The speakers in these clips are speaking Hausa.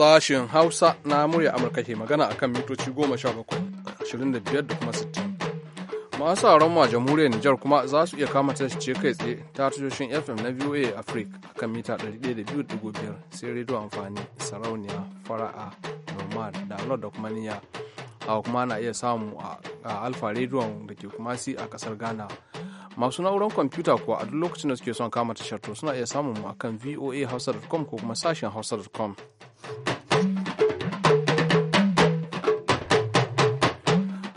Sashen Hausa na murya Amurka ke magana a kan mitoci 17, 25 da kuma 60. masu sauran ma jamhuriyar Nijar kuma za su iya kama ce kai tsaye ta tashoshin FM na VOA Africa a kan mita 102.5 sai rediyo amfani sarauniya fara'a normal da da kuma niyya a kuma na iya samu a alfa rediyon da ke kuma si a kasar Ghana masu na'urar kwamfuta kuwa a duk lokacin da suke son kama tashar suna iya samun mu akan voahausa.com ko kuma sashen hausa.com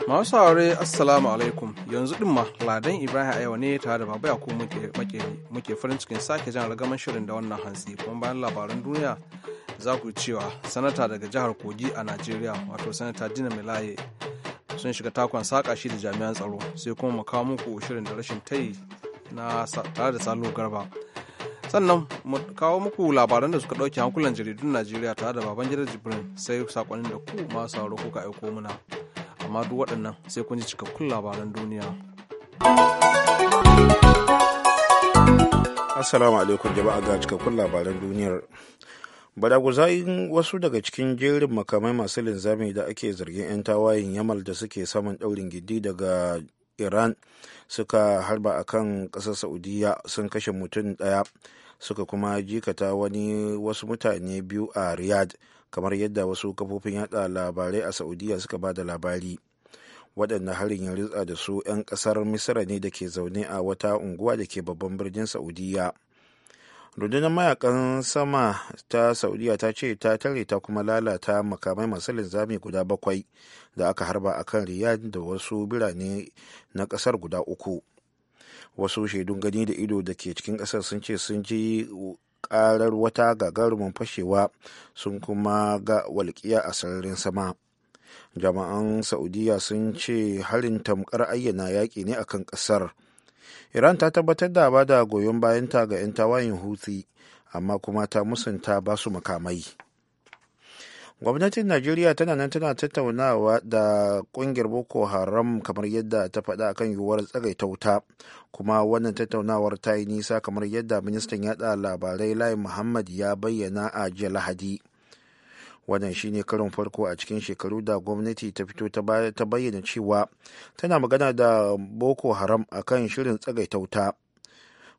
masu saurare assalamu alaikum yanzu din ma ladan ibrahim ayawa ne tare da baba yakubu muke muke farin cikin sake jan ragaman shirin da wannan hantsi kuma bayan labaran duniya za ku cewa sanata daga jihar kogi a najeriya wato sanata dina milaye sun shiga takon saƙa shi da jami'an tsaro sai kuma mu kawo muku shirin da rashin tayi na tare da salo garba sannan mu kawo muku labaran da suka ɗauke hankulan jaridun najeriya tare da baban gidan jibrin sai sakonin da ku ma sauro kuka aiko muna amma duk waɗannan sai kun ji cikakkun labaran duniya assalamu alaikum jama'a ga cikakkun labaran duniyar baraguzayin wasu daga cikin jerin makamai masu linzami da ake zargin 'yan tawayen yamal da suke saman daurin gidi daga iran suka harba a kan ƙasar saudiya sun kashe mutum daya suka kuma jikata wani wasu mutane biyu a riyadh kamar yadda wasu kafofin yada labarai a saudiya suka ba da labari waɗanda harin ya ritsa da su 'yan ƙasar misira ne da ke zaune a wata unguwa da ke babban birnin saudiya rundunar mayakan sama ta saudiya ta ce ta tare ta kuma lalata makamai masu linzami guda bakwai da aka harba a kan riyad da wasu birane na kasar guda uku wasu shaidun gani da ido da ke cikin kasar sun ce sun ji karar wata gagarumin fashewa sun kuma ga walƙiya a sararin sama jama'an saudiya sun ce harin tamkar ayyana yaƙi ne akan ƙasar iran ta tabbatar da ba da goyon bayanta ga 'yan tawayin hutsi amma kuma ta musanta ba su makamai gwamnatin najeriya tana nan tana tattaunawa da kungiyar boko haram kamar yadda ta faɗa akan yiwuwar tsagaita wuta kuma wannan tattaunawar ta yi nisa kamar yadda ministan yada labarai lai muhammad ya bayyana a jiya lahadi wannan shine karin farko a cikin shekaru da gwamnati ta fito ta bayyana cewa tana magana da boko haram a kan shirin tsagaita wuta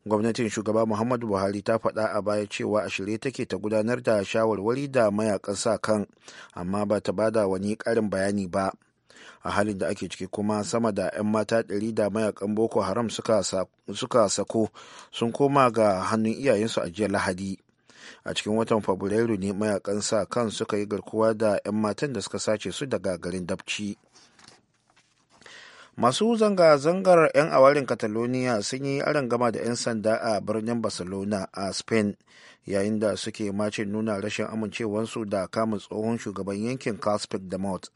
gwamnatin shugaba muhammadu buhari ta faɗa a baya cewa a shirye take ta gudanar da shawarwari da mayakan sa kan amma ba ta bada wani karin bayani ba a halin da ake ciki kuma sama da 'yan mata ɗari da mayakan boko haram suka sako sun koma ga hannun iyayensu a jiya lahadi a cikin watan fabrairu ne mayakan sa kan suka yi garkuwa da 'yan matan da suka sace su daga garin dabci masu zanga-zangar 'yan awarin catalonia sun yi gama da 'yan sanda a birnin barcelona a spain yayin da suke macin nuna rashin amincewarsu da kamun tsohon shugaban yankin caspic de mort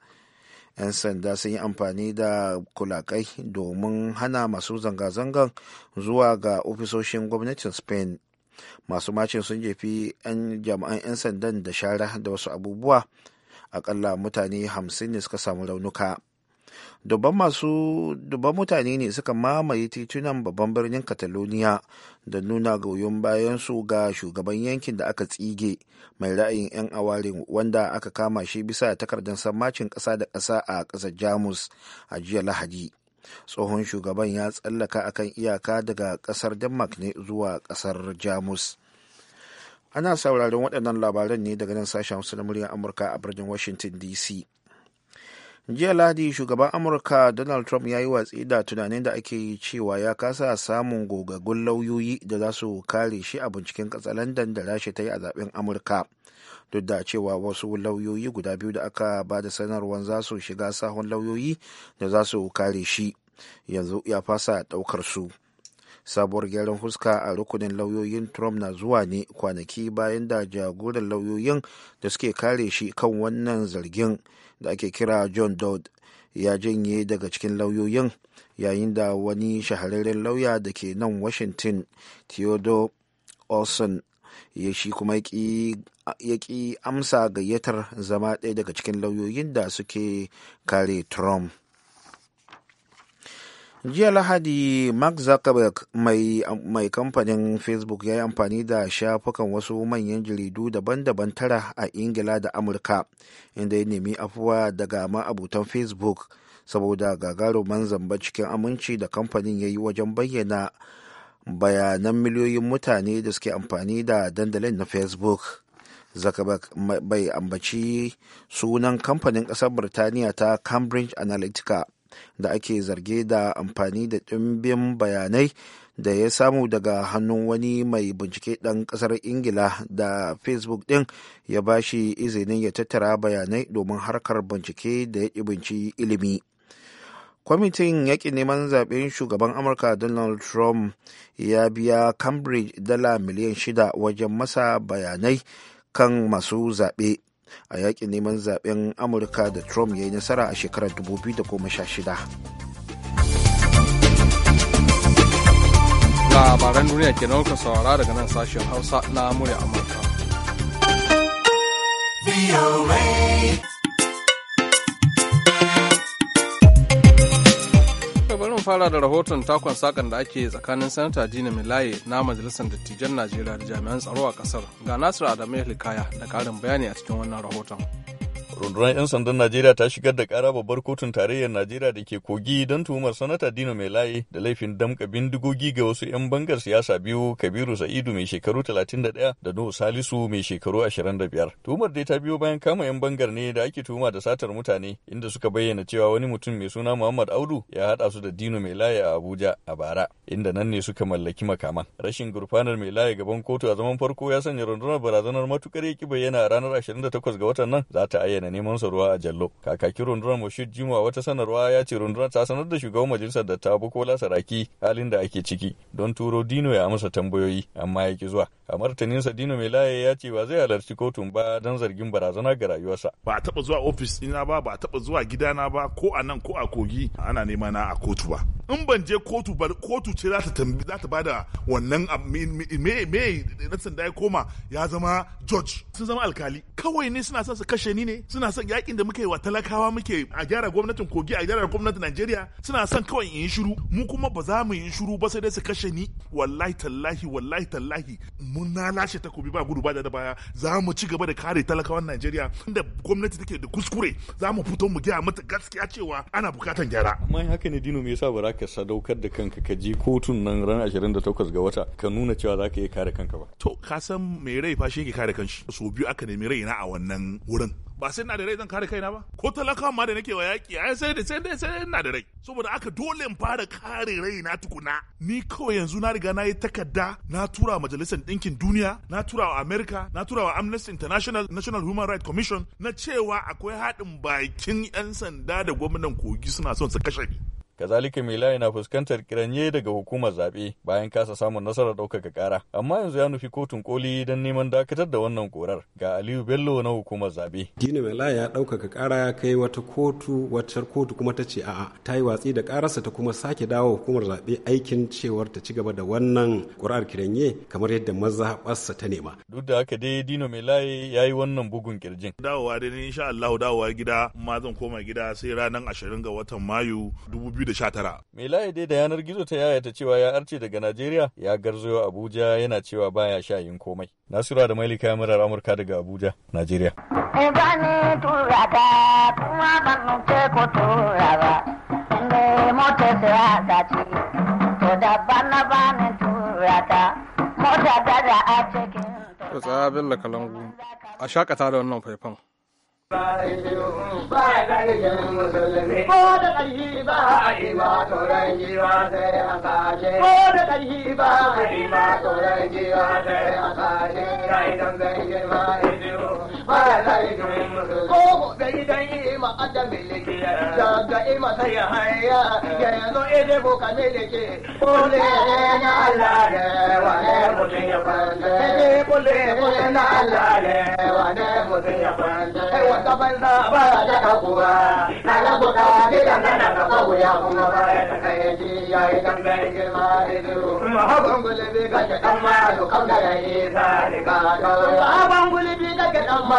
'yan sanda sun yi amfani da kulakai domin hana masu zanga-zangar zuwa ga ofisoshin gwamnatin spain masu macin sun jefi 'yan jama'an 'yan sandan da shara da wasu abubuwa akalla mutane hamsin ne suka samu raunuka dubban masu dubban mutane ne suka mamaye titunan babban birnin kataloniya da nuna goyon bayan su ga shugaban yankin da aka tsige mai ra'ayin 'yan awarin wanda aka kama shi bisa takardar sammacin ƙasa da ƙasa a ƙasar jamus a jiya lahadi tsohon shugaban ya tsallaka akan iyaka daga kasar denmark ne zuwa kasar jamus ana sauraron waɗannan labaran ne daga nan sashen hausa na muryar amurka a birnin washington dc jiya lahadi shugaban amurka donald trump ya yi watsi da tunanin da ake yi cewa ya kasa samun gogaggun lauyoyi da za su kare shi a binciken katsalandan da rasha ta yi a zaben amurka duk da cewa wasu lauyoyi guda biyu da aka ba da sanarwar za su shiga sahun lauyoyi da za su kare shi yanzu ya fasa ɗaukar su sabuwar gyaran fuska a rukunin lauyoyin trump na zuwa ne kwanaki bayan da jagoran lauyoyin da suke kare shi kan wannan zargin da ake kira john dodd ya janye daga cikin lauyoyin yayin da wani shahararren lauya da ke nan washington theodore olson ya shi kuma ya ƙi amsa gayyatar zama ɗaya daga cikin lauyoyin da suke kare trump jiya lahadi mark zuckerberg mai, kamfanin facebook ya yi amfani da shafukan wasu manyan jaridu daban-daban tara a ingila da amurka inda ya nemi afuwa daga ma'abutan facebook saboda gagaruman zamba cikin aminci da kamfanin ya yi wajen bayyana bayanan miliyoyin mutane da suke amfani da dandalin na facebook zuckerberg bai ambaci sunan kamfanin ƙasar birtaniya ta cambridge analytica da ake zarge da amfani da ɗimbin bayanai da ya samu daga hannun wani mai bincike ɗan ƙasar ingila da facebook ɗin ya ba shi izinin ya tattara bayanai domin harkar bincike da ya ɗibinci ilimi kwamitin yaƙi neman zaɓen shugaban amurka donald trump ya biya cambridge dala miliyan shida wajen masa bayanai kan masu zaɓe a yaƙi neman zaɓen amurka da trump ya yi nasara a shekarar 2016 labaran duniya ke nauka saurara daga nan sashen hausa na murya amurka an fara da rahoton takon sakan da ake tsakanin sanata Dina Milaye na Majalisar Dattijan Najeriya da jami'an tsaro a kasar. Ga Nasiru Adamu Hikaya da karin bayani a cikin wannan rahoton. rundunar 'yan sandan najeriya ta shigar da kara babbar kotun tarayyar najeriya da ke kogi don tuhumar sanata dino mai laye da laifin damka bindigogi ga wasu 'yan bangar siyasa biyu kabiru sa'idu mai shekaru 31 da nuhu salisu mai shekaru 25 tuhumar dai ta biyo bayan kama 'yan bangar ne da ake tuhuma da satar mutane inda suka bayyana cewa wani mutum mai suna muhammad audu ya haɗa su da dino mai laye a abuja a bara inda nan ne suka mallaki makaman rashin gurfanar mai laye gaban kotu a zaman farko ya sanya rundunar barazanar matukar yaki bayyana a ranar 28 ga watan nan za ta ayyana na neman a Jallo. Kakakin rundunar Moshid Jimo wata sanarwa ya ce rundunar ta sanar da shugaban majalisar da ta Bukola Saraki halin da ake ciki don turo Dino ya amsa tambayoyi amma ya ki zuwa. A martaninsa Dino mai laye ya ce ba zai halarci kotun ba don zargin barazana ga rayuwarsa. Ba a taba zuwa ofis ina ba ba a taba zuwa gidana ba ko a nan ko a kogi ana nema na a kotu ba. In ban je kotu ba kotu ce za ta tambi za ta bada wannan me me na sanda ya koma ya zama George sun zama alkali kawai ne suna son su kashe ni ne suna son yakin da muke wa talakawa muke a gyara gwamnatin kogi a gyara gwamnatin Najeriya suna son kawai in shiru mu kuma ba za mu yi shiru ba sai dai su kashe ni wallahi tallahi wallahi tallahi mun na lashe takobi ba gudu ba da baya za mu ci gaba da kare talakawan Najeriya inda gwamnati take da kuskure za mu fito mu gaya mata gaskiya cewa ana bukatan gyara amma haka ne dino me yasa ba za ka sadaukar da kanka ka je kotun nan ran 28 ga wata ka nuna cewa za ka iya kare kanka ba to ka san me rai fa shi yake kare kanshi so biyu aka nemi na a wannan wurin ba sai ina da rai zan kare kaina ba ko talakawa ma da nake wa yaki ai sai da sai sai ina da rai saboda aka dole in fara kare rai na tukuna ni kawai yanzu na riga na yi takarda na tura wa majalisar ɗinkin duniya na tura wa america na tura wa amnesty international national human rights commission na cewa akwai haɗin bakin 'yan sanda da gwamnan kogi suna son su kashe ni Kazalika Mela na fuskantar kiranye daga hukumar zaɓe bayan kasa samun nasarar ɗaukaka ƙara. Amma yanzu ya nufi kotun koli don neman dakatar da wannan korar ga Aliyu Bello na hukumar zaɓe. Dino Mela ya ɗaukaka ƙara ya kai wata kotu wacce kotu kuma ta ce a'a ta yi watsi da ƙararsa ta kuma sake dawo hukumar zaɓe aikin cewar ta ci gaba da wannan ƙuri'ar kiranye kamar yadda mazaɓarsa ta nema. Duk da haka dai Dino Melaye ya yi wannan bugun kirjin. Dawowa dai insha allahu dawowa gida ma zan koma gida sai ranar ashirin ga watan Mayu 2019. Mai la'ide da yanar gizo ta yaya ta cewa ya arce daga Najeriya ya garzayo Abuja yana cewa baya sha yin komai. Nasura da Mailika murar Amurka daga Abuja, Najeriya. Ni ba tura ta ko tura to da bana ba ni tura ta. a cikin. Tsaya Kalangu, a shakata da wannan faifan. Ko da ƙarfi ba a yi ba tsoron giwa sai a kashe. Ko da ƙarfi ba a yi ba tsoron giwa sai a kashe. Rai don zai girma ba. ba laifin ko da idan yi ma adam miliki ya ga ima sai ya haya ya yanzu ide ko ka miliki kule na ala ne wa ne mutum ya kwanta ne kule kule na Allah ne wa ne mutum ya kwanta kai wata banza ba da ka kuwa na na buka ne da na ka kawo ya kuma ba da kai ji ya yi tambayar girma ido mahaban gulbi ka ke ta ma lokacin da ya yi ta ni ka ba ban gulbi ka ke dan ma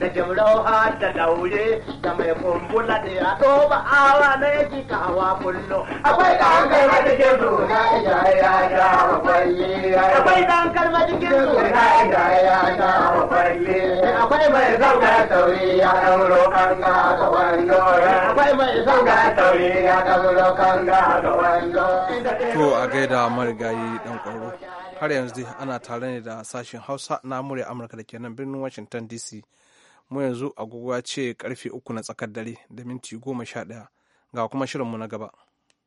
da kyaurau har da daure da mai kumbula da ya toba awa na yake kawa kullo akwai da hankali ma jikin runa ya ya ya kwalle akwai da hankali ma jikin runa ya ya ya kwalle akwai mai zauka tauri ya dauro kanga ga wando akwai mai zauka tauri ya dauro kanga ga wando to a gaida marigayi dan kwaro har yanzu ana tare ne da sashen hausa na murya amurka da ke nan birnin washington dc mu yanzu agogo ce karfe uku na tsakar dare da minti goma sha ɗaya ga kuma shirin mu na gaba.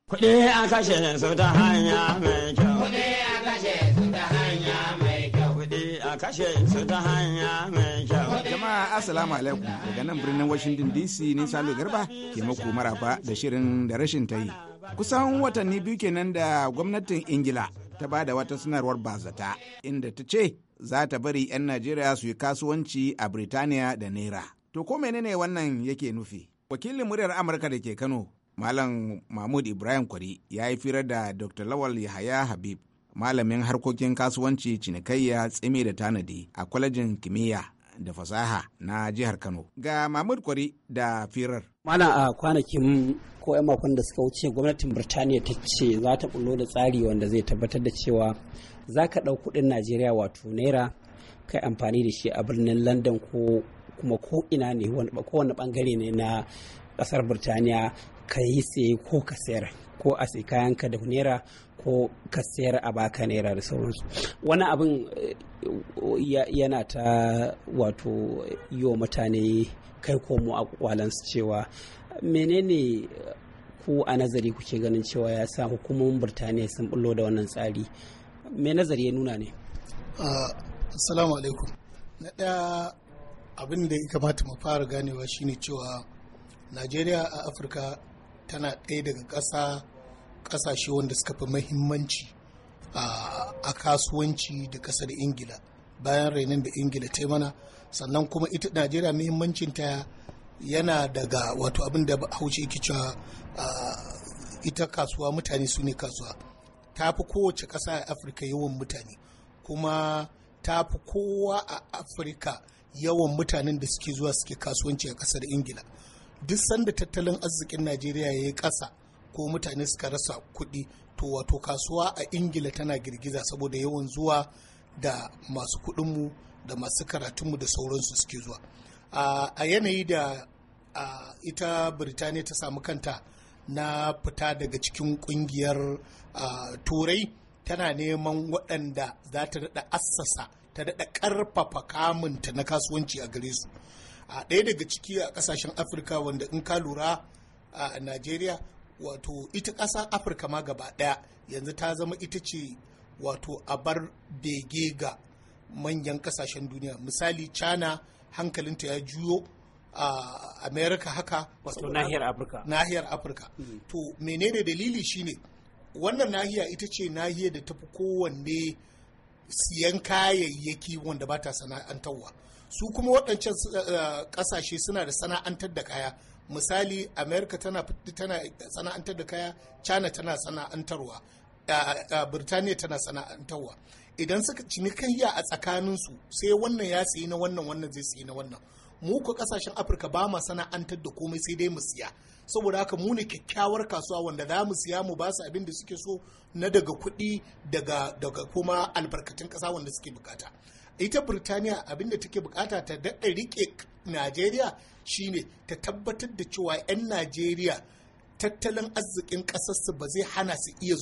Kuɗi a kashe su ta hanya mai kyau. Kuɗi a kashe su ta hanya mai kyau. Kuɗi a kashe su ta hanya mai kyau. Jama'a Assalamu alaikum daga nan birnin Washington DC ni Salo Garba ke muku maraba da shirin da rashin ta yi. Kusan watanni biyu kenan da gwamnatin Ingila ta ba da wata sanarwar bazata inda ta ce za ta bari 'yan Najeriya su yi kasuwanci a Birtaniya da Naira. To ko menene wannan yake nufi? Wakilin muryar Amurka da ke Kano, Malam Mahmud Ibrahim Kwari, ya yi firar da Dr. Lawal Yahaya Habib, malamin harkokin kasuwanci cinikayya tsimi da tanadi a kwalejin kimiyya da fasaha na jihar Kano. Ga Mahmud Kwari da firar. Malam a kwanakin ko 'yan makon da suka wuce gwamnatin Birtaniya ta ce za ta bullo da tsari wanda zai tabbatar da cewa za ka ɗau kuɗin najeriya wato naira kai amfani da shi a birnin london ko kuma ko ina ne kowane ɓangare ne na ƙasar birtaniya ka yi saye ko ka sayar ko a sai kayanka da naira ko ka sayar a baka naira da sauransu wani abin eh, yana ta wato yiwa mutane kai komo a kwalansu cewa menene ku a nazari kuke ganin cewa ya sa hukumomin birtaniya sun bullo da wannan tsari me nazari ya nuna ne assalamu alaikum na ɗaya abin da ya kamata mu fara ganewa shine cewa najeriya a afirka tana ɗaya daga ƙasa ƙasashe wanda suka fi mahimmanci a kasuwanci da ƙasar ingila bayan rainin da ingila ta mana sannan kuma ita najeriya ta yana daga wato abin da hauce ke cewa ita kasuwa mutane su ne kasuwa ta fi kowace ƙasa a afirka yawan mutane kuma ta fi kowa a afirka yawan mutanen da suke zuwa suke kasuwanci a ƙasar ingila duk sanda tattalin arzikin najeriya ya yi ƙasa ko mutane suka rasa kuɗi to wato kasuwa a ingila tana girgiza saboda yawan zuwa da masu kuɗinmu da masu karatunmu da sauransu suke zuwa a yanayi da ita birtaniya ta samu kanta na fita daga cikin kungiyar turai tana neman waɗanda za ta daɗa assasa ta daɗa ƙarfafa kamunta na kasuwanci a gare su a ɗaya daga ciki a ƙasashen afirka wanda in ka lura a najeriya wato ita ƙasa afirka ma gaba ɗaya yanzu ta zama ita ce wato a bar bege ga manyan ƙasashen duniya misali china hankalinta ya juyo a america haka wato nahiyar afirka nahiyar afirka hmm. to menene dalili shine wannan nahiya ita ce nahiyar da tafi kowanne siyan kayayyaki wanda ba ta sana'antarwa su kuma waɗancan eh, eh, ƙasashe suna da sana'antar da kaya misali america tana sana'antar da kaya china tana sana'antarwa eh, birtaniya tana sana'antarwa idan suka cinikayya a tsakaninsu sai wannan ya tsaye na wannan wannan zai tsaye na wannan mu ko kasashen afirka ba ma sana'antar da komai sai dai mu siya saboda haka mu ne kyakkyawar kasuwa wanda za mu siya mu ba su abin da suke so na daga kuɗi daga daga kuma albarkatun ƙasa wanda suke bukata ita birtaniya abin da take bukata ta daɗa rike najeriya shine ta tabbatar da cewa 'yan najeriya tattalin arzikin ƙasarsu ba zai hana su iya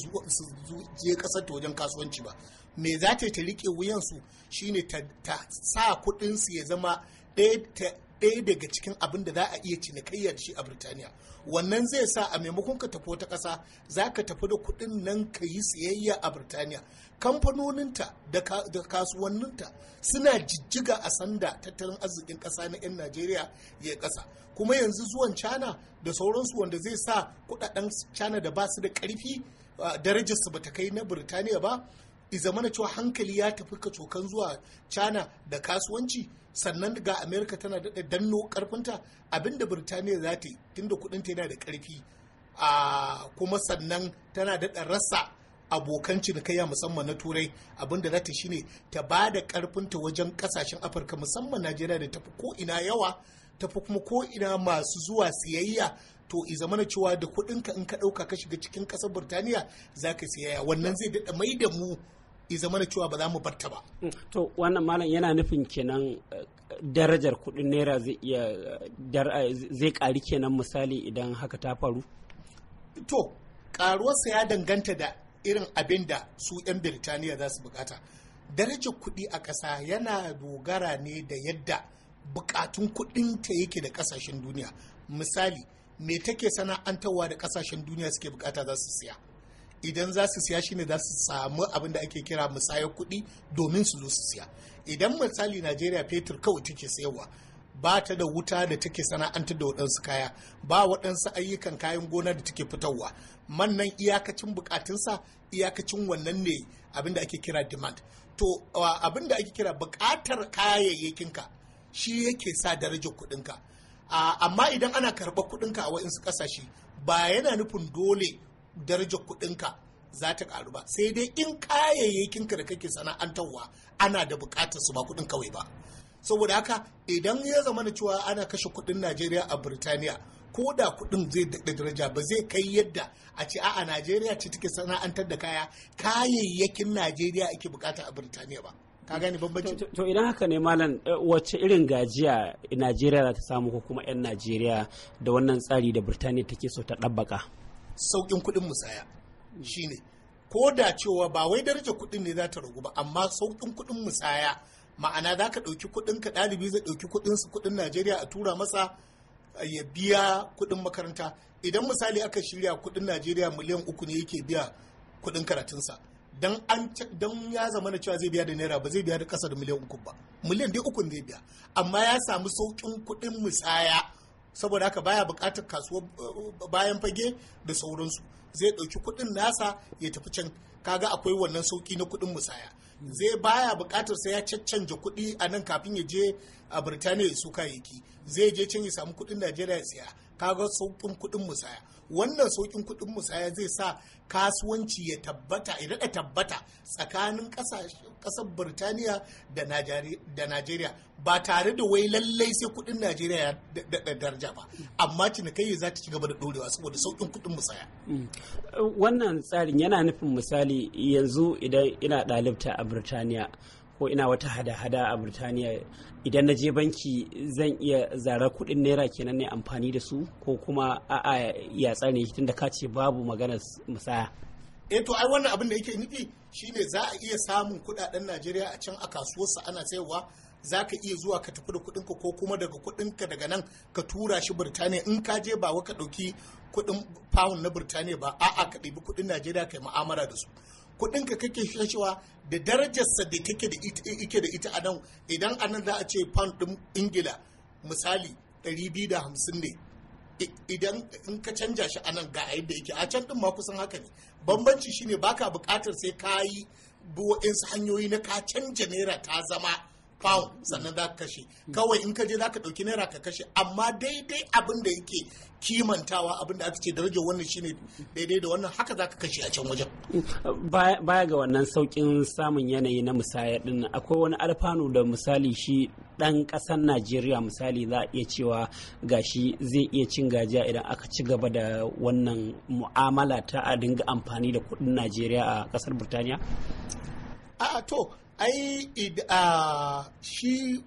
je ƙasar ta wajen kasuwanci ba me za ta ta rike wuyansu shine ta sa kuɗinsu ya zama ɗaya daga cikin abin da za a iya cinikayya da shi a Birtaniya. Wannan zai sa a maimakon ka tafi wata ƙasa za ka tafi da kuɗin nan ka yi siyayya a Birtaniya. Kamfanoninta da kasuwanninta suna jijjiga a sanda tattalin arzikin ƙasa na 'yan Najeriya ya ƙasa. Kuma yanzu zuwan Cana da sauransu wanda zai sa kuɗaɗen Cana da ba su da ƙarfi darajarsu ba ta kai na Birtaniya ba i na cewa hankali ya tafi ka cokan zuwa china da kasuwanci sannan ga america tana da danno karfinta abinda birtaniya za ta yi tunda kudinta yana da karfi a kuma sannan tana da rasa abokan cinikayya musamman na turai abinda za ta shine ta ba da karfinta wajen kasashen afirka musamman najeriya da tafi ko ina yawa tafi kuma ko ina masu zuwa siyayya to i cewa da kuɗinka in ka ɗauka ka shiga cikin ƙasar Birtaniya? za ka siyaya wannan zai daɗa mai da mu i zama da cewa ba za mu barta ba. Mm, to wannan malam yana nufin kenan eh, darajar kuɗi naira zai iya eh, eh, zai kenan misali idan haka ta faru? To karuwarsa ya danganta da irin abin da su 'yan Birtaniya za su bukata. Darajar kuɗi a ƙasa yana dogara ne da yadda bukatun kuɗin ta yake da ƙasashen duniya. Misali, me take sana'antarwa da ƙasashen duniya suke bukata za su siya. idan za su siya shine za su samu abin da ake kira musayar kuɗi domin su zo su siya idan misali najeriya fetur kawai take sayarwa ba ta da wuta da take sana'antar da waɗansu kaya ba waɗansu ayyukan kayan gona da take fitarwa mannan iyakacin bukatunsa iyakacin wannan ne abin da ake kira demand to abin da ake kira bukatar ka, shi yake sa darajar ka. amma idan ana karɓar ka a waɗansu ƙasashe ba yana nufin dole darajar kuɗinka za ta karu ba sai dai in kayayyakinka da kake sana'antarwa ana da bukatar su ba kuɗin kawai ba saboda haka idan ya zama na cewa ana kashe kuɗin najeriya a birtaniya ko da kuɗin zai daɗa daraja ba zai kai yadda a ce a najeriya ce take sana'antar da kaya kayayyakin najeriya ake bukata a birtaniya ba ka gane bambanci to idan haka ne malam eh, wacce irin gajiya najeriya za ta samu ko kuma 'yan najeriya da wannan tsari da birtaniya take so ta ɗabbaka saukin kuɗin musaya shine ko da cewa ba wai daraja kuɗin ne za ta ragu ba amma saukin kuɗin musaya ma'ana za ka ɗauki kudin ka ɗalibi zai ɗauki kudin su kuɗin najeriya a tura masa ya biya kuɗin makaranta idan misali aka shirya kuɗin najeriya miliyan uku ne yake biya kuɗin karatunsa dan an dan ya zama na cewa zai biya da naira ba zai biya da kasa da miliyan uku ba miliyan dai uku zai biya amma ya samu saukin kuɗin musaya saboda haka baya bukatar kasuwar eh, bayan fage da sauransu zai ɗauki kuɗin nasa ya tafi can kaga akwai wannan sauki na kuɗin musaya zai baya bukatar sai ya caccanja kuɗi a nan kafin ya je a birtaniya su kayayyaki zai je can ya samu kuɗin najeriya ya siya kaga sauƙin kuɗin musaya wannan sauƙin kuɗin musaya zai sa kasuwanci ya tabbata ya daɗa tabbata tsakanin ƙasar birtaniya da najeriya ba tare da wai lallai sai kuɗin najeriya ya daɗa daraja ba amma cinikayya za ta ci gaba da ɗorewa saboda sauƙin kuɗin musaya mm. wannan tsarin yana nufin misali yanzu idan ina ɗalibta a birtaniya ko ina wata hada-hada a birtaniya idan na je banki zan iya zara kuɗin naira kenan ne amfani da su ko kuma a'a ya tsare tunda ka ce babu maganar musaya eh to ai wannan abin da yake nufi shine za a iya samun kudaden Najeriya a can a kasuwarsa ana sayarwa za ka iya zuwa ka tafi da ka ko kuma daga kuɗinka daga nan ka tura shi Birtaniya in ka je ba ka ɗauki kudin pound na Birtaniya ba a'a ka ɗebi kudin Najeriya kai mu'amala da su kuɗinka kake kashewa da darajarsa da kake da ita da ita a idan anan za a ce pound ɗin ingila misali 250 ne idan in ka canja shi a nan ga yadda yake a can din ma kusan haka ne bambanci shine baka bukatar sai ka yi waɗansu hanyoyi na ka canja naira ta zama pound sannan za ka kashe kawai in ka je za ka ɗauki naira ka kashe amma daidai abin da yake kimantawa abin da aka ce darajar wannan shine daidai da wannan haka za ka kashe a can wajen baya ga wannan saukin samun yanayi na musaya din akwai wani alfanu da misali shi dan ƙasar najeriya misali za a iya cewa gashi zai iya cin gajiya idan aka ci gaba da wannan mu'amala ta a dinga amfani da kuɗin najeriya a ƙasar burtaniya a to ai shi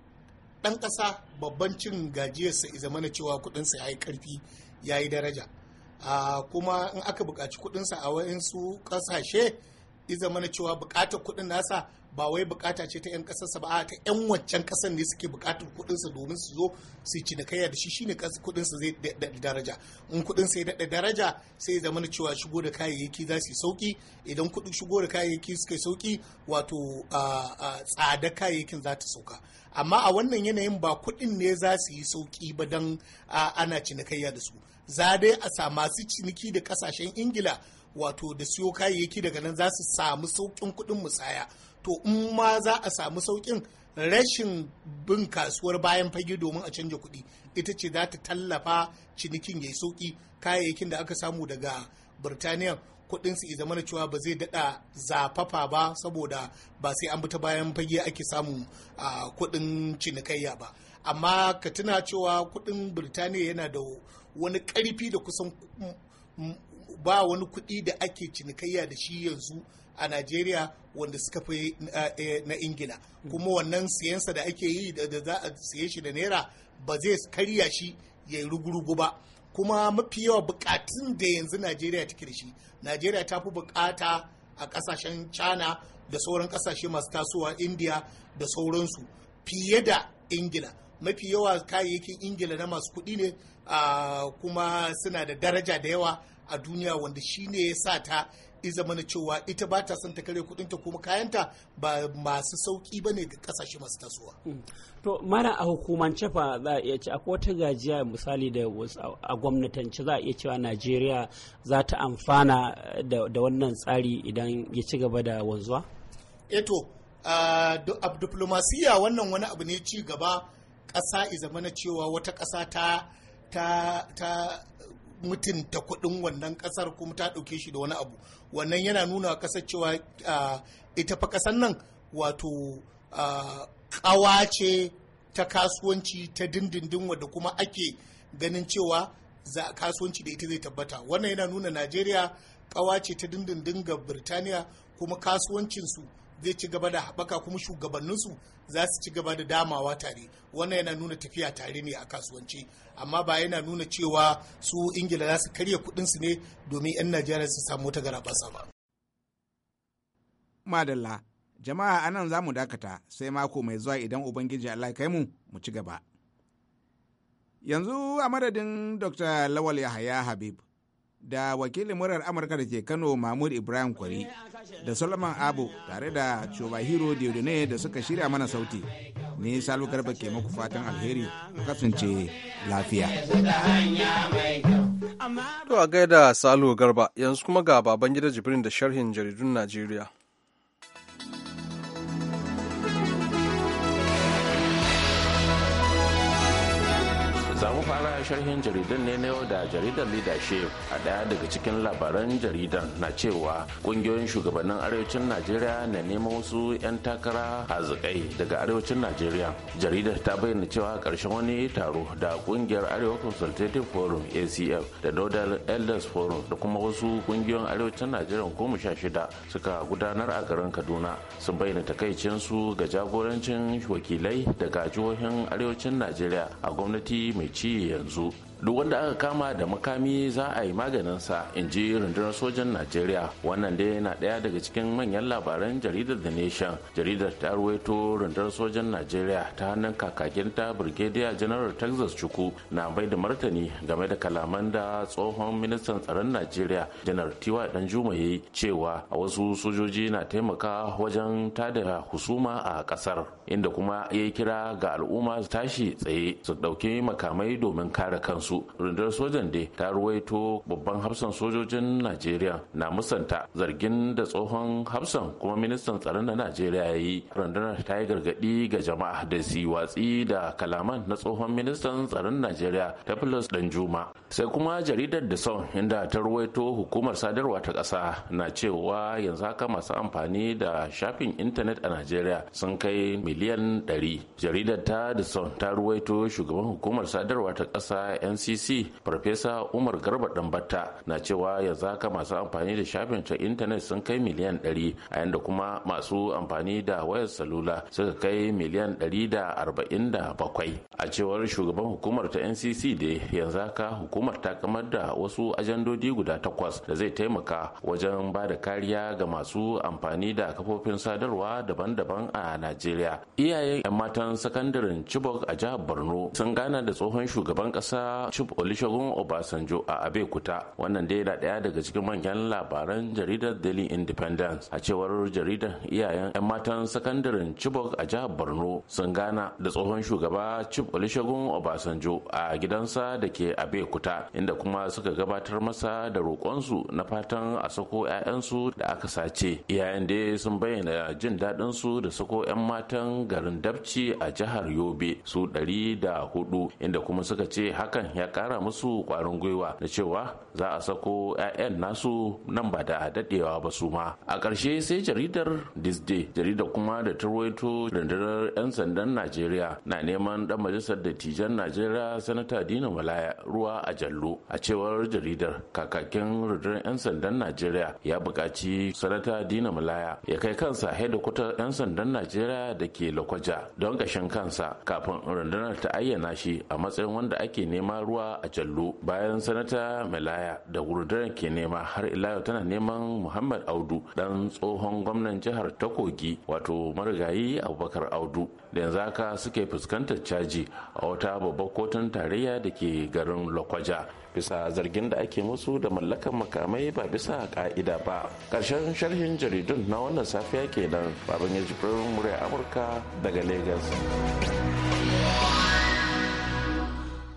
ɗan ƙasa babban cin gajiyarsa ya zamana cewa kuɗinsa ya yi ƙarfi ya yi daraja kuma in aka buƙaci kuɗinsa a waɗansu ƙasashe ya zamana cewa buƙatar kuɗin nasa ba wai bukata ce ta 'yan kasarsa ba a ta 'yan waccan kasar ne suke bukatar kudinsa domin su zo su yi cinikayya da shi shine kudinsa zai daɗa daraja in kudinsa ya daɗa daraja sai ya zama cewa shigo da kayayyaki za su yi sauki idan kudin shigo da kayayyaki suka yi sauki wato tsada kayayyakin za ta sauka amma a wannan yanayin ba kudin ne za su yi sauki ba dan ana cinikayya da su za dai a sa masu ciniki da kasashen ingila wato da siyo kayayyaki daga nan za su samu saukin kudin musaya to in ma za a samu saukin rashin bin kasuwar bayan fage domin a canja kuɗi ita ce za ta tallafa cinikin ya yi sauki kayayyakin da aka samu daga birtaniya kuɗin su izama na cewa ba zai daɗa zafafa ba saboda ba sai an bi ta bayan fage ake samun kuɗin cinikayya ba amma ka tuna cewa kuɗin birtaniya yana da wani ƙarfi da kusan mm, ba wani kuɗi da ake cinikayya da shi yanzu a Najeriya wanda suka fi eh, eh, na Ingila kuma wannan siyansa da ake yi da za a siye shi da naira ba zai karya shi ya yi rugurugu ba kuma mafi yawa bukatun da yanzu Najeriya take da shi Najeriya ta fi bukata a kasashen China da sauran kasashe masu tasowa India da sauransu fiye da Ingila mafi yawa kayayyakin Ingila na masu kuɗi ne ah, kuma suna da daraja da yawa a duniya wanda shi ne ya sa ta iza na cewa ita ba ta son ta kare kudinta kuma kayanta ba masu sauki ba ne ga kasashe masu tasowa. Hmm. to mana a hukumance fa za a iya ce akwai wata gajiya misali da a gwamnatance za a iya cewa najeriya za ta amfana eh, da wannan tsari idan ya ci gaba da wanzuwa? eto eh a diplomasiya wannan wani abu ne ci gaba kasa iza mana cewa wata ƙasa ta mutunta kuɗin wannan ƙasar kuma ta ɗauke shi da wani abu wannan yana nuna kasar cewa ita fa kasar nan wato kawa ce ta kasuwanci ta dindindin wadda kuma ake ganin cewa za kasuwanci da ita zai tabbata wannan yana nuna najeriya ƙawa ce ta dindindin ga birtaniya kuma kasuwancinsu zai ci gaba da haɓaka kuma shugabanninsu za su ci gaba da damawa tare wannan yana nuna tafiya tare ne a kasuwanci amma ba yana nuna cewa su ingila za su karya kudinsu ne domin 'yan najeriya su samu ta garabasa ba madalla jama'a anan za mu dakata sai mako mai zuwa idan ubangiji allah kai mu mu ci gaba yanzu a madadin dr lawal yahaya habib da wakilin murar amurka da ke kano mahmud ibrahim kwari da solomon abu tare da shobahiro diodone da suka shirya mana sauti ne salu garba ke muku fatan alheri ku kasance lafiya to a gaida salu garba yanzu kuma ga baban gida jibrin da sharhin jaridun najeriya za mu fara sharhin jaridan ne na yau da jaridar leadership a daya daga cikin labaran jaridan na cewa kungiyoyin shugabannin arewacin najeriya na neman wasu 'yan takara hazikai daga arewacin najeriya jaridar ta bayyana cewa karshen wani taro da kungiyar arewa consultative forum acf da dodal elders forum da kuma wasu kungiyoyin arewacin najeriya goma sha shida suka gudanar a garin kaduna sun bayyana takaicin su ga jagorancin wakilai daga jihohin arewacin najeriya a gwamnati mai Caetia, duk wanda aka kama da makami za a yi maganinsa in ji rundunar sojan najeriya wannan dai na daya daga cikin manyan labaran jaridar the nation jaridar ta ruwaito rundunar sojan najeriya ta hannun Kakakin ta brigadier general texas chuku na bai da martani game da kalaman da tsohon ministan tsaron najeriya janar tiwa dan juma ya cewa a wasu sojoji na taimaka wajen tada husuma a kasar inda kuma ya kira ga al'umma su tashi tsaye su ɗauki makamai domin kare kansu su rundunar sojan dai ta ruwaito babban hafsan sojojin najeriya na musanta zargin da tsohon hafsan kuma ministan tsaron na najeriya ya yi rundunar ta yi gargadi ga jama'a da su watsi da kalaman na tsohon ministan tsaron najeriya ta dan Juma. sai kuma jaridar da son inda ta ruwaito hukumar sadarwa ta ƙasa na cewa yanzu haka masu amfani da shafin intanet a najeriya sun kai miliyan 100 jaridar ta da son ta ruwaito shugaban hukumar sadarwa ta ƙasa yan ncc farfesa umar garba dambata na cewa yanzu haka masu amfani da shafin ta intanet sun kai miliyan 100 a yanda kuma masu amfani da wayar salula suka kai miliyan 147 a cewar shugaban hukumar ta ncc da yanzu haka hukumar ta kamar da wasu ajandodi guda takwas da zai taimaka wajen ba da kariya ga masu amfani da kafofin sadarwa daban-daban a najeriya iyayen 'yan matan sakandaren chibok a jihar borno sun gana da tsohon shugaban kasa chip Chief Olusegun Obasanjo a Abeokuta wannan dai na daya daga cikin manyan labaran jaridar Daily Independence a cewar jaridar iyayen 'yan matan sakandaren Chibok a jihar Borno sun gana da tsohon shugaba Chief Olusegun Obasanjo a gidansa da ke Abeokuta inda kuma suka gabatar masa da roƙonsu na fatan a sako 'ya'yansu da aka sace iyayen dai sun bayyana jin daɗin su da sako 'yan matan garin Dabci a jihar Yobe su 104 inda kuma suka ce hakan ya kara musu kwarin gwiwa da cewa za a sako 'ya'yan nasu nan ba da dadewa ba su ma a ƙarshe sai jaridar day jaridar kuma da tarwaito rundunar 'yan sandan najeriya na neman dan majalisar dattijan najeriya sanata dina malaya ruwa a jallo a cewar jaridar kakakin rundunar 'yan sandan najeriya ya buƙaci sanata dina malaya ya kai kansa hedikwatar 'yan sandan najeriya da ke lakwaja don ƙashin kansa kafin rundunar ta ayyana shi a matsayin wanda ake neman ruwa a jallo bayan sanata malaya da gurdaren ke nema har ila tana neman muhammad audu dan tsohon gwamnan jihar takogi wato marigayi abubakar audu da yanzu haka suke fuskantar caji a wata babbar kotun tarayya da ke garin lokwaja bisa zargin da ake musu da mallakan makamai ba bisa ka'ida ba karshen sharhin jaridun na wannan safiya kenan baban ya jibrin murya amurka daga legas.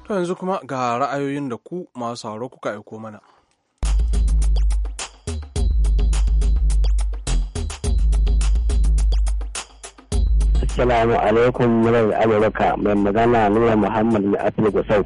To yanzu kuma ga ra'ayoyin da ku masu sauro kuka aiko mana. Assalamu alaikum murar Amurka mai magana Nura Muhammad mai afirka Gusau.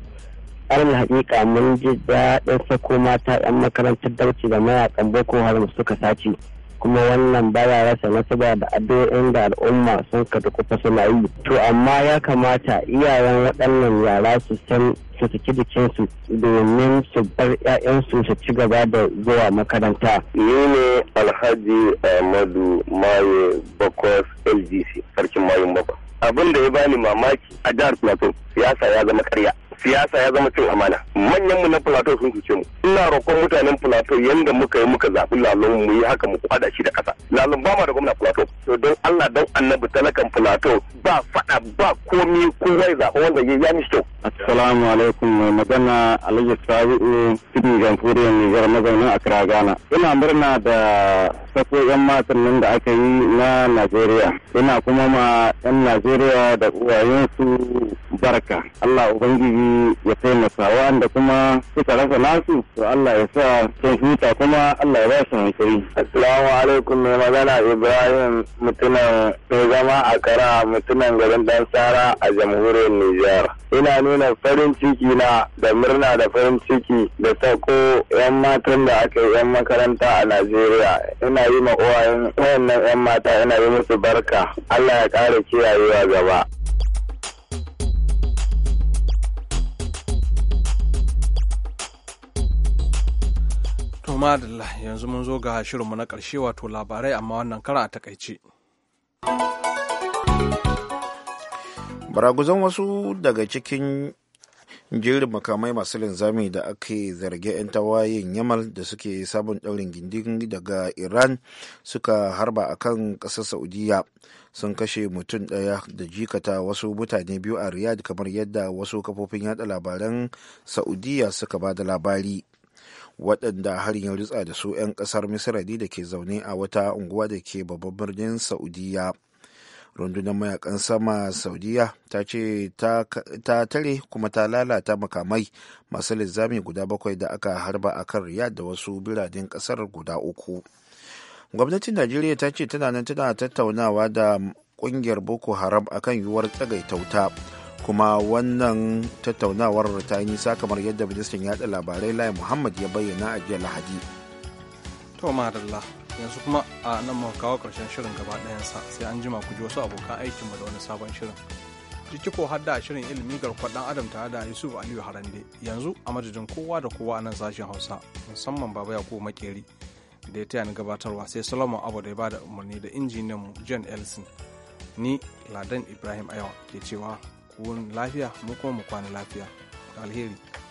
Alal haƙiƙa mun ji daɗin sako mata 'yan makarantar dauci da mayakan Boko Haram suka sace. kuma wannan baya rasa nasaba da addu'o'in da al'umma sun ka kufa suna yi to amma ya kamata iyayen waɗannan yara su san su saki jikinsu domin su bar 'ya'yansu su ci gaba da zuwa makaranta. Ni ne Alhaji Ahmadu Maye Bakwas LGC, Sarkin Mayun Bakwas. Abin da ya bani mamaki a jihar Plateau siyasa ya zama karya. siyasa ya zama cin amana manyan mu na plateau sun cuce mu ina roƙon mutanen plateau yanda muka yi muka zaɓi lalon mu yi haka mu kwada shi da ƙasa lalon ba ma da gwamna plateau to don Allah don annabi talakan plateau ba fada ba komi kowa zai zaɓi wanda ya yi mishi kyau assalamu alaikum mai magana alhaji sabi'u sidin jamhuriyar nijar mazaunin a ghana ina murna da sako 'yan matan nan da aka yi na Najeriya. Ina kuma ma 'yan Najeriya da uwayensu barka. Allah Ubangiji ya taimaka wanda kuma suka rasa nasu to Allah ya sa sun huta kuma Allah ya ba su hankali. Assalamu alaikum mai magana Ibrahim mutumin mai zama a kara mutumin garin Dansara a jamhuriyar Nijar. Ina nuna farin ciki na da murna da farin ciki da sako 'yan matan da aka yi 'yan makaranta a Najeriya. Ina yi ma uwayen wayannan 'yan mata yana yi musu barka Allah ya ƙara kiyayewa gaba. madalla yanzu mun zo ga shirinmu na ƙarshe wato labarai amma wannan kara a takaice. baraguzan wasu daga cikin jerin makamai masu linzami da ake zarge 'yan tawayen yamal da suke samun daurin gindin daga iran suka harba a kan kasar saudiya sun kashe mutum daya da jikata wasu mutane biyu a riyadh kamar yadda wasu kafofin yada labaran saudiya suka ba da labari waɗanda har ya ritsa da su 'yan ƙasar misira da ke zaune a wata unguwa da ke babban birnin saudiya rundunar mayakan sama saudiya ta ce ta tare kuma ta lalata makamai masu linzami guda bakwai da aka harba a kan riyad da wasu biranen kasar guda uku gwamnatin najeriya ta ce tana nan tana tattaunawa da kungiyar boko haram akan yiwuwar tsagaitauta kuma wannan tattaunawar ta yi nisa kamar yadda ministan yada labarai lai muhammad ya bayyana a jiya lahadi yanzu kuma a nan muka kawo karshen shirin gaba ɗayansa sai an jima ku ji wasu abokan aikinmu da wani sabon shirin ciki ko hadda a shirin ilimi garkuwar ɗan adam tare da yusuf aliyu harande yanzu a madadin kowa da kowa a nan sashen hausa musamman baba yakubu makeri da ya taya ni gabatarwa sai solomon abu da ya bada umarni da injiniyan mu john elson ni ladan ibrahim ayawa ke cewa ku lafiya mu kuma mu kwana lafiya da alheri